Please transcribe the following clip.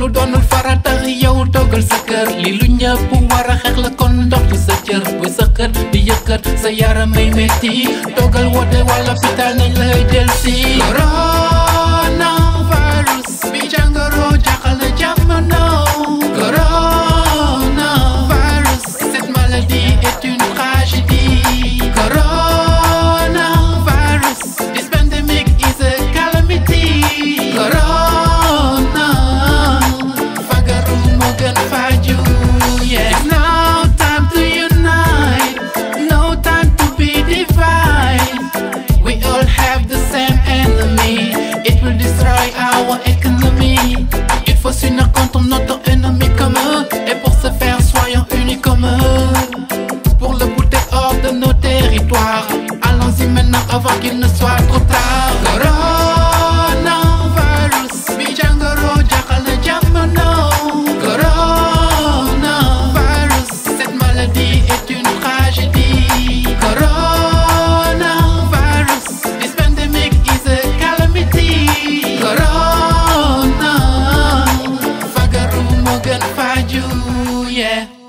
lu doonul farata yow dogal sa kër li lu ñëpp war a xeex la kon dox ci sa cër bu sëqat di yëkkat sa yaram ay metti dogal woote wala pitaan nañ lay Ah Il faut s'unir contre notre ennemi commun Et pour ce faire, soyons unis comme eux. Pour le goûter hors de nos territoires. Allons-y maintenant avant qu'il ne soit trop tard. yeah.